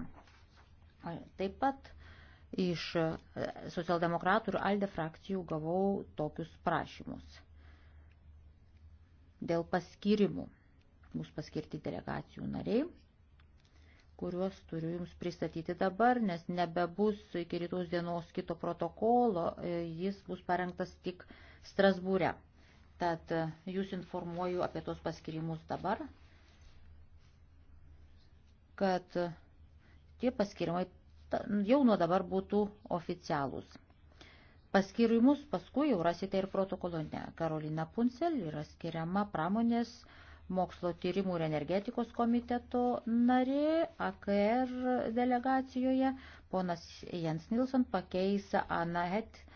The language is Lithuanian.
frakciją. Taip pat iš e, socialdemokratų ir ALDE frakcijų gavau tokius prašymus dėl paskirimų. Mūsų paskirti delegacijų nariai, kuriuos turiu Jums pristatyti dabar, nes nebebus iki rytos dienos kito protokolo, e, jis bus parengtas tik Strasbūre. Tad e, Jūs informuoju apie tos paskirimus dabar, kad tie paskirimai jau nuo dabar būtų oficialūs. Paskirimus paskui jau rasite ir protokolone. Karolina Puncel yra skiriama pramonės mokslo tyrimų ir energetikos komiteto narė AKR delegacijoje. Ponas Jens Nilsson pakeis Anna Het